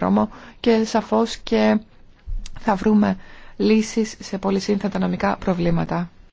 δρόμο και σαφώς και θα βρούμε λύσεις σε πολύ σύνθετα νομικά προβλήματα.